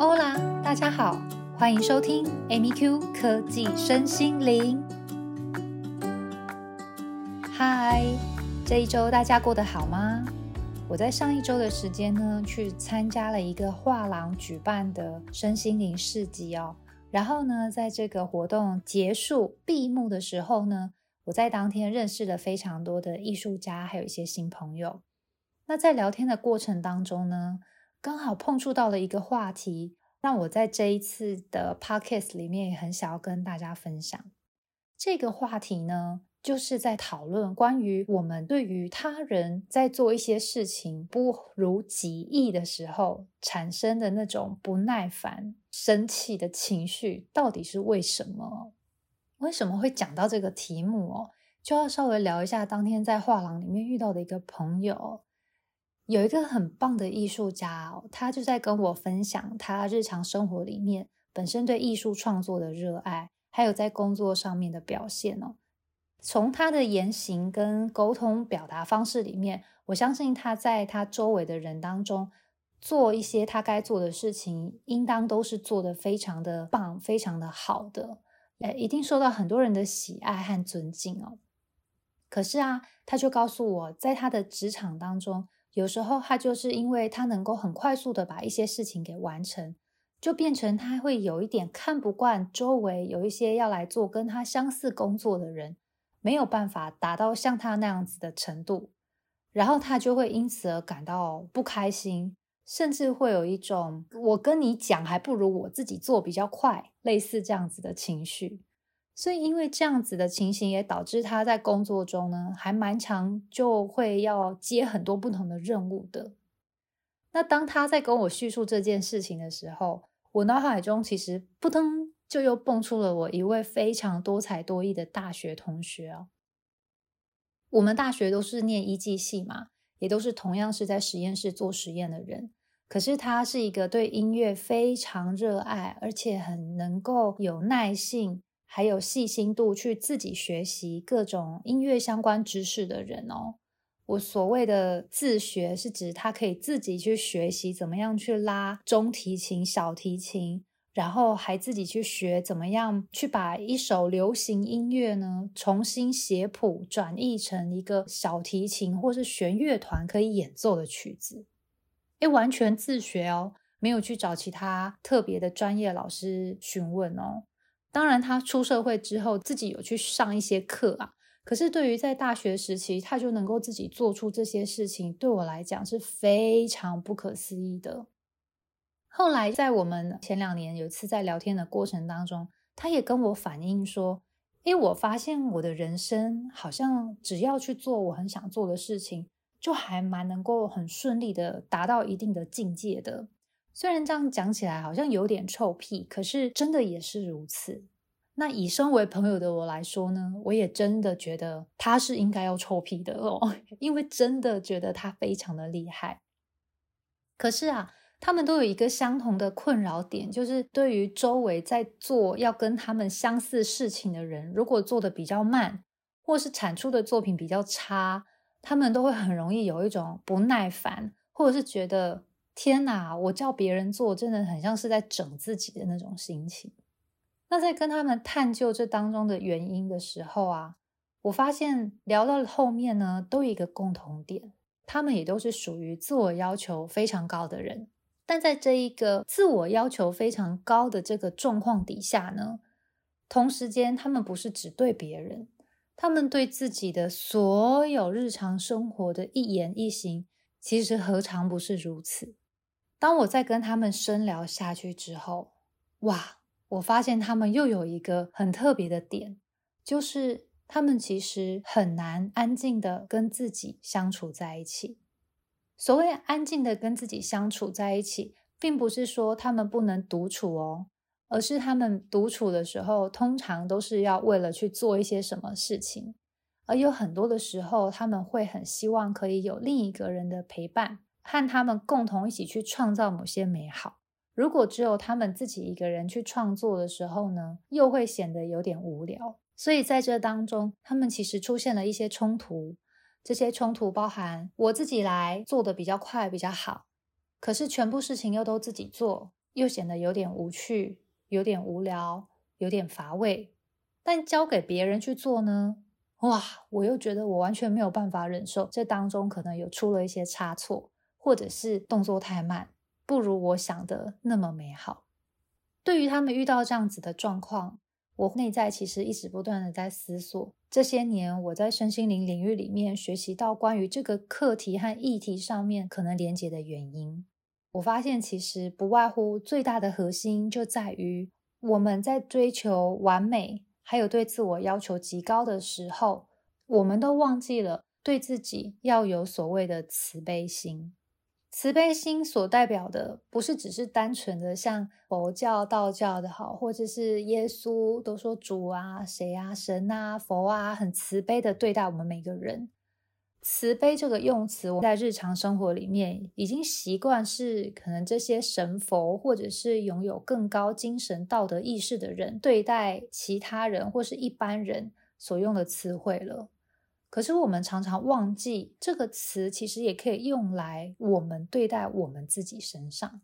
Hola，大家好，歡迎收聽 Amy Q 科技身心靈。Hi，這一周大家過得好嗎？我在上一周的時間呢，去參加了一個畫廊舉辦的身心靈市集哦。然後呢，在這個活動結束閉幕的時候呢，我在當天認識了非常多的藝術家，還有一些新朋友。那在聊天的過程當中呢。剛好碰觸到了一個話題，讓我在這一次的 podcast 裡面也很想要跟大家分享。這個話題呢，就是在討論關於我們對於他人在做一些事情不如己意的時候產生的那種不耐煩、生氣的情緒，到底是為什麼？為什麼會講到這個題目哦？就要稍微聊一下當天在畫廊裡面遇到的一個朋友。有一個很棒的藝術家哦，他就在跟我分享他日常生活裡面本身對藝術創作的熱愛，還有在工作上面的表現哦。從他的言行跟溝通表達方式裡面，我相信他在他周圍的人當中做一些他該做的事情，應當都是做得非常的棒，非常的好的，呃，一定受到很多人的喜愛和尊敬哦。可是啊，他就告訴我在他的職場當中。有時候他就是因為他能夠很快速的把一些事情給完成，就變成他會有一點看不慣周圍有一些要來做跟他相似工作的人，沒有辦法達到像他那樣子的程度，然後他就會因此而感到不開心，甚至會有一種我跟你講還不如我自己做比較快，類似這樣子的情緒。所以，因為這樣子的情形，也導致他在工作中呢，還蠻常就會要接很多不同的任務的。那當他在跟我敘述這件事情的時候，我腦海中其實撲騰就又蹦出了我一位非常多才多藝的大學同學哦。我們大學都是念醫技系嘛，也都是同樣是在實驗室做實驗的人。可是他是一個對音樂非常熱愛，而且很能夠有耐性。還有細心度去自己學習各種音樂相關知識的人哦。我所謂的自學是指他可以自己去學習怎麼樣去拉中提琴、小提琴，然後還自己去學怎麼樣去把一首流行音樂呢重新寫譜，轉譯成一個小提琴或是弦樂團可以演奏的曲子。誒，完全自學哦，沒有去找其他特別的專業老師詢問哦。當然，他出社會之後自己有去上一些課啊。可是，對於在大學時期他就能夠自己做出這些事情，對我來講是非常不可思議的。後來，在我們前兩年有一次在聊天的過程當中，他也跟我反映說：“因為我發現我的人生好像只要去做我很想做的事情，就還蠻能夠很順利的達到一定的境界的。”雖然這樣講起來好像有點臭屁，可是真的也是如此。那以身為朋友的我來說呢，我也真的覺得他是應該要臭屁的哦，因為真的覺得他非常的厲害。可是啊，他們都有一個相同的困擾點，就是對於周圍在做要跟他們相似事情的人，如果做的比較慢，或是產出的作品比較差，他們都會很容易有一種不耐煩，或者是覺得。天吶，我叫別人做，真的很像是在整自己的那種心情。那在跟他們探究這當中的原因的時候啊，我發現聊到後面呢，都有一個共同點，他們也都是屬於自我要求非常高的人。但在這一個自我要求非常高的這個狀況底下呢，同時間他們不是只對別人，他們對自己的所有日常生活的一言一行，其實何嘗不是如此？當我在跟他們深聊下去之後，哇，我發現他們又有一個很特別的點，就是他們其實很難安靜的跟自己相處在一起。所謂安靜的跟自己相處在一起，並不是說他們不能獨處哦，而是他們獨處的時候，通常都是要為了去做一些什麼事情，而有很多的時候，他們會很希望可以有另一個人的陪伴。和他們共同一起去創造某些美好。如果只有他們自己一個人去創作的時候呢，又會顯得有點無聊。所以在這當中，他們其實出現了一些衝突。這些衝突包含我自己來做得比較快、比較好，可是全部事情又都自己做，又顯得有點無趣、有點無聊、有點乏味。但交給別人去做呢，哇，我又覺得我完全沒有辦法忍受。這當中可能有出了一些差錯。或者是動作太慢，不如我想的那麼美好。對於他們遇到這樣子的狀況，我內在其實一直不斷的在思索，這些年我在身心靈領域裡面學習到關於這個課題和議題上面可能連接的原因。我發現其實不外乎最大的核心就在於我們在追求完美，還有對自我要求極高的時候，我們都忘記了對自己要有所謂的慈悲心。慈悲心所代表的，不是只是單純的像佛教、道教的好，或者是耶穌都說主啊、誰啊、神啊、佛啊，很慈悲的對待我們每個人。慈悲這個用詞，我們在日常生活裡面已經習慣是可能這些神佛或者是擁有更高精神道德意識的人，對待其他人或是一般人所用的詞彙了。可是我們常常忘記，這個詞其實也可以用來我們對待我們自己身上。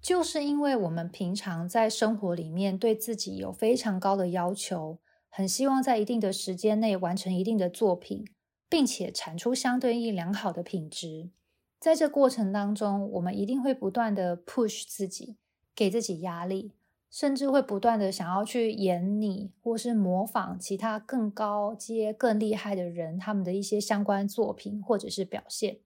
就是因為我們平常在生活裡面對自己有非常高的要求，很希望在一定的時間內完成一定的作品，並且產出相對應良好的品質。在這過程當中，我們一定會不斷的 push 自己，給自己壓力。甚至會不斷的想要去演你，或是模仿其他更高階、更厲害的人，他們的一些相關作品或者是表現。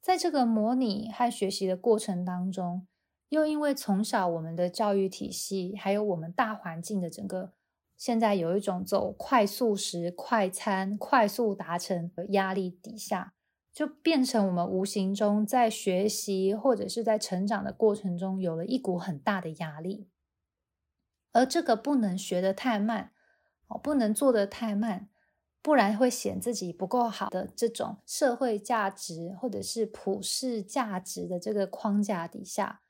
在這個模擬和學習的過程當中，又因為從小我們的教育體系，還有我們大環境的整個，現在有一種走快速食、快餐、快速達成的壓力底下，就變成我們無形中在學習或者是在成長的過程中，有了一股很大的壓力。而這個不能學得太慢，哦，不能做得太慢，不然會顯自己不夠好的這種社會價值或者是普世價值的這個框架底下，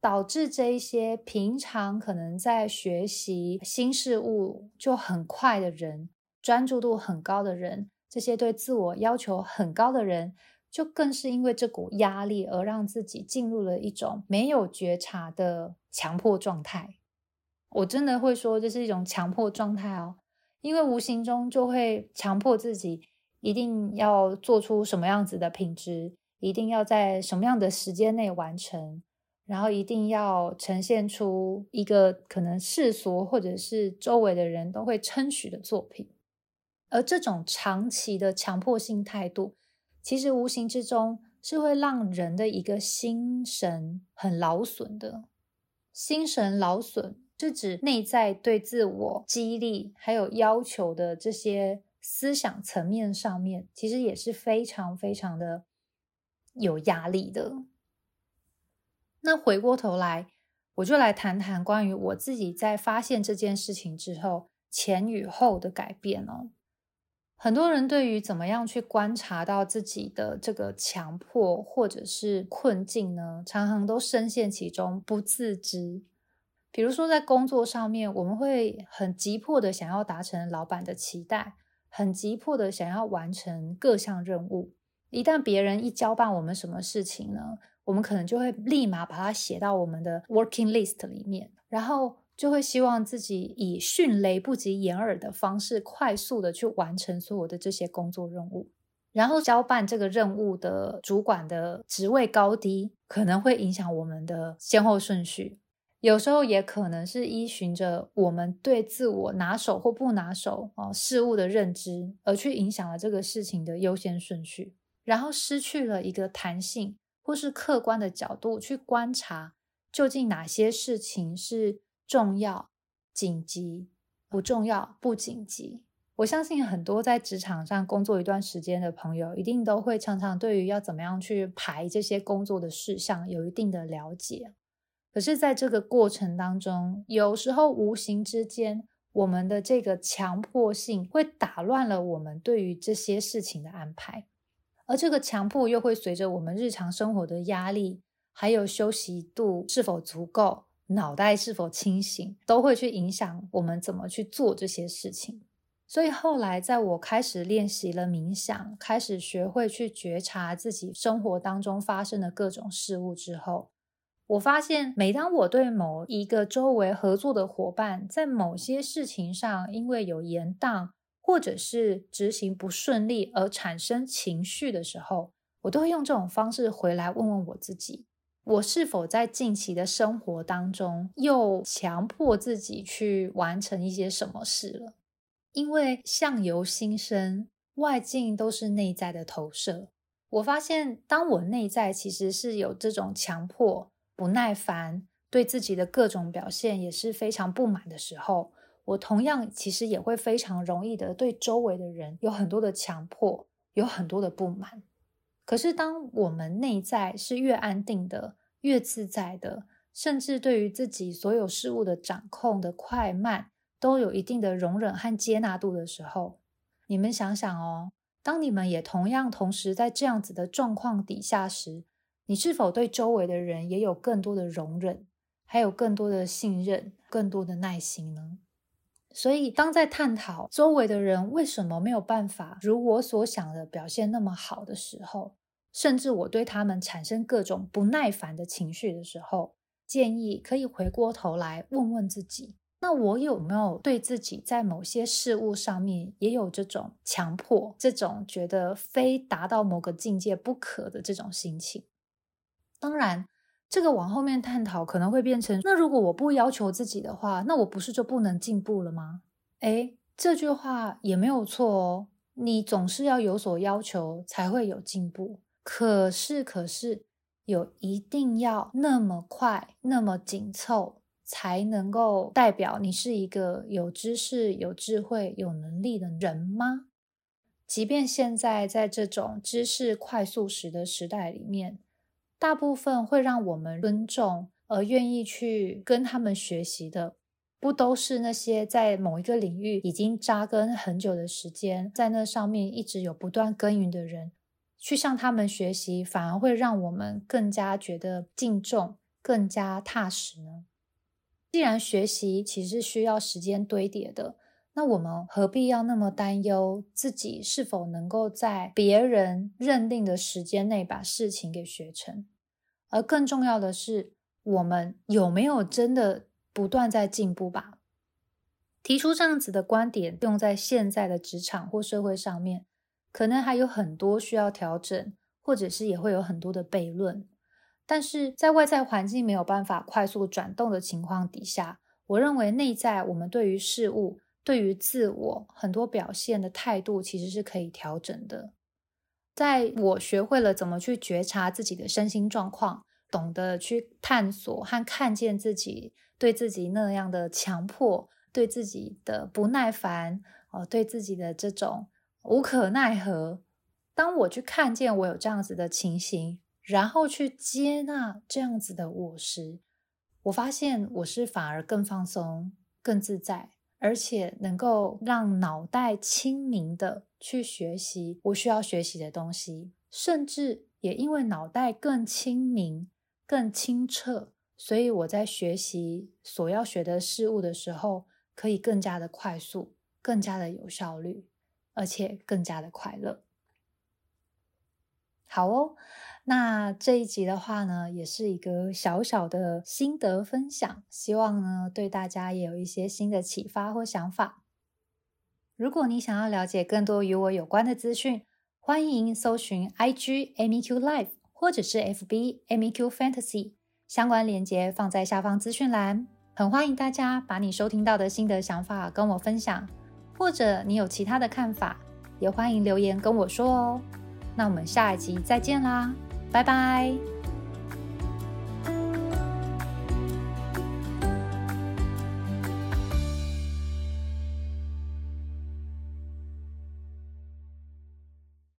導致這一些平常可能在學習新事物就很快的人，專注度很高的人，這些對自我要求很高的人，就更是因為這股壓力而讓自己進入了一種沒有覺察的強迫狀態。我真的會說，這是一種強迫狀態哦，因為無形中就會強迫自己一定要做出什麼樣子的品質，一定要在什麼樣的時間內完成，然後一定要呈現出一個可能世俗或者是周圍的人都會稱許的作品。而這種長期的強迫性態度，其實無形之中是會讓人的一個心神很勞損的，心神勞損。是指內在對自我激勵還有要求的這些思想層面上面，其實也是非常非常的有壓力的。那回過頭來，我就來談談關於我自己在發現這件事情之後，前與後的改變哦。很多人對於怎麼樣去觀察到自己的這個強迫或者是困境呢，常常都深陷其中，不自知。比如說，在工作上面，我們會很急迫的想要達成老闆的期待，很急迫的想要完成各項任務。一旦別人一交辦我們什麼事情呢，我們可能就會立馬把它寫到我們的 working list 裡面，然後就會希望自己以迅雷不及掩耳的方式，快速的去完成所有的這些工作任務。然後，交辦這個任務的主管的職位高低，可能會影響我們的先後順序。有時候也可能是依循着我們對自我拿手或不拿手哦事物的認知，而去影響了這個事情的優先順序，然後失去了一個彈性或是客觀的角度去觀察，究竟哪些事情是重要、緊急，不重要、不緊急。我相信很多在職場上工作一段時間的朋友，一定都會常常對於要怎麼樣去排這些工作的事項，有一定的了解。可是，在這個過程當中，有時候無形之間，我們的這個強迫性會打亂了我們對於這些事情的安排，而這個強迫又會隨着我們日常生活的壓力，還有休息度是否足夠，腦袋是否清醒，都會去影響我們怎麼去做這些事情。所以後來，在我開始練習了冥想，開始學會去覺察自己生活當中發生的各種事物之後。我發現，每當我對某一個周圍合作的夥伴在某些事情上因為有延宕或者是執行不順利而產生情緒的時候，我都會用這種方式回來問問我自己：我是否在近期的生活當中又強迫自己去完成一些什麼事了？因為相由心生，外境都是內在的投射。我發現，當我內在其實是有這種強迫。不耐煩，對自己的各種表現也是非常不滿的時候，我同樣其實也會非常容易的對周圍的人有很多的強迫，有很多的不滿。可是，當我們內在是越安定的，越自在的，甚至對於自己所有事物的掌控的快慢，都有一定的容忍和接納度的時候，你們想想哦，當你們也同樣同時在這樣子的狀況底下時。你是否對周圍的人也有更多的容忍，還有更多的信任，更多的耐心呢？所以，當在探討周圍的人為什麼沒有辦法如我所想的表現那麼好的時候，甚至我對他們產生各種不耐煩的情緒的時候，建議可以回過頭來問問自己：那我有沒有對自己在某些事物上面也有這種強迫、這種覺得非達到某個境界不可的這種心情？當然，這個往後面探討可能會變成：那如果我不要求自己的話，那我不是就不能進步了嗎？誒，這句話也沒有錯哦。你總是要有所要求，才會有進步。可是，可是，有一定要那麼快、那麼緊湊，才能夠代表你是一個有知識、有智慧、有能力的人嗎？即便現在在這種知識快速食的時代裡面。大部分會讓我們尊重而願意去跟他們學習的，不都是那些在某一個領域已經扎根很久的時間，在那上面一直有不斷耕耘的人？去向他們學習，反而會讓我們更加覺得敬重，更加踏實呢。既然學習其實需要時間堆疊的。那我們何必要那麼擔憂自己是否能夠在別人認定的時間內把事情給學成？而更重要的是，我們有沒有真的不斷在進步吧？提出這樣子的觀點，用在現在的職場或社會上面，可能還有很多需要調整，或者是也會有很多的悖論。但是在外在環境沒有辦法快速轉動的情況底下，我認為內在我們對於事物，對於自我很多表現的態度，其實是可以調整的。在我學會了怎麼去覺察自己的身心狀況，懂得去探索和看見自己對自己那樣的強迫、對自己的不耐煩、呃、對自己的這種無可奈何。當我去看見我有這樣子的情形，然後去接納這樣子的我時，我發現我是反而更放鬆、更自在。而且能夠讓腦袋清明的去學習我需要學習的東西，甚至也因為腦袋更清明、更清澈，所以我在學習所要學的事物的時候，可以更加的快速、更加的有效率，而且更加的快樂。好哦。那這一集的話呢，也是一個小小的心得分享，希望呢對大家也有一些新的啟發或想法。如果你想要了解更多與我有關的資訊，歡迎搜尋 IG amyqlife 或者是 FB amyqfantasy，相關連結放在下方資訊欄。很歡迎大家把你收聽到的心得想法跟我分享，或者你有其他的看法，也歡迎留言跟我說哦。那我們下一集再見啦！拜拜。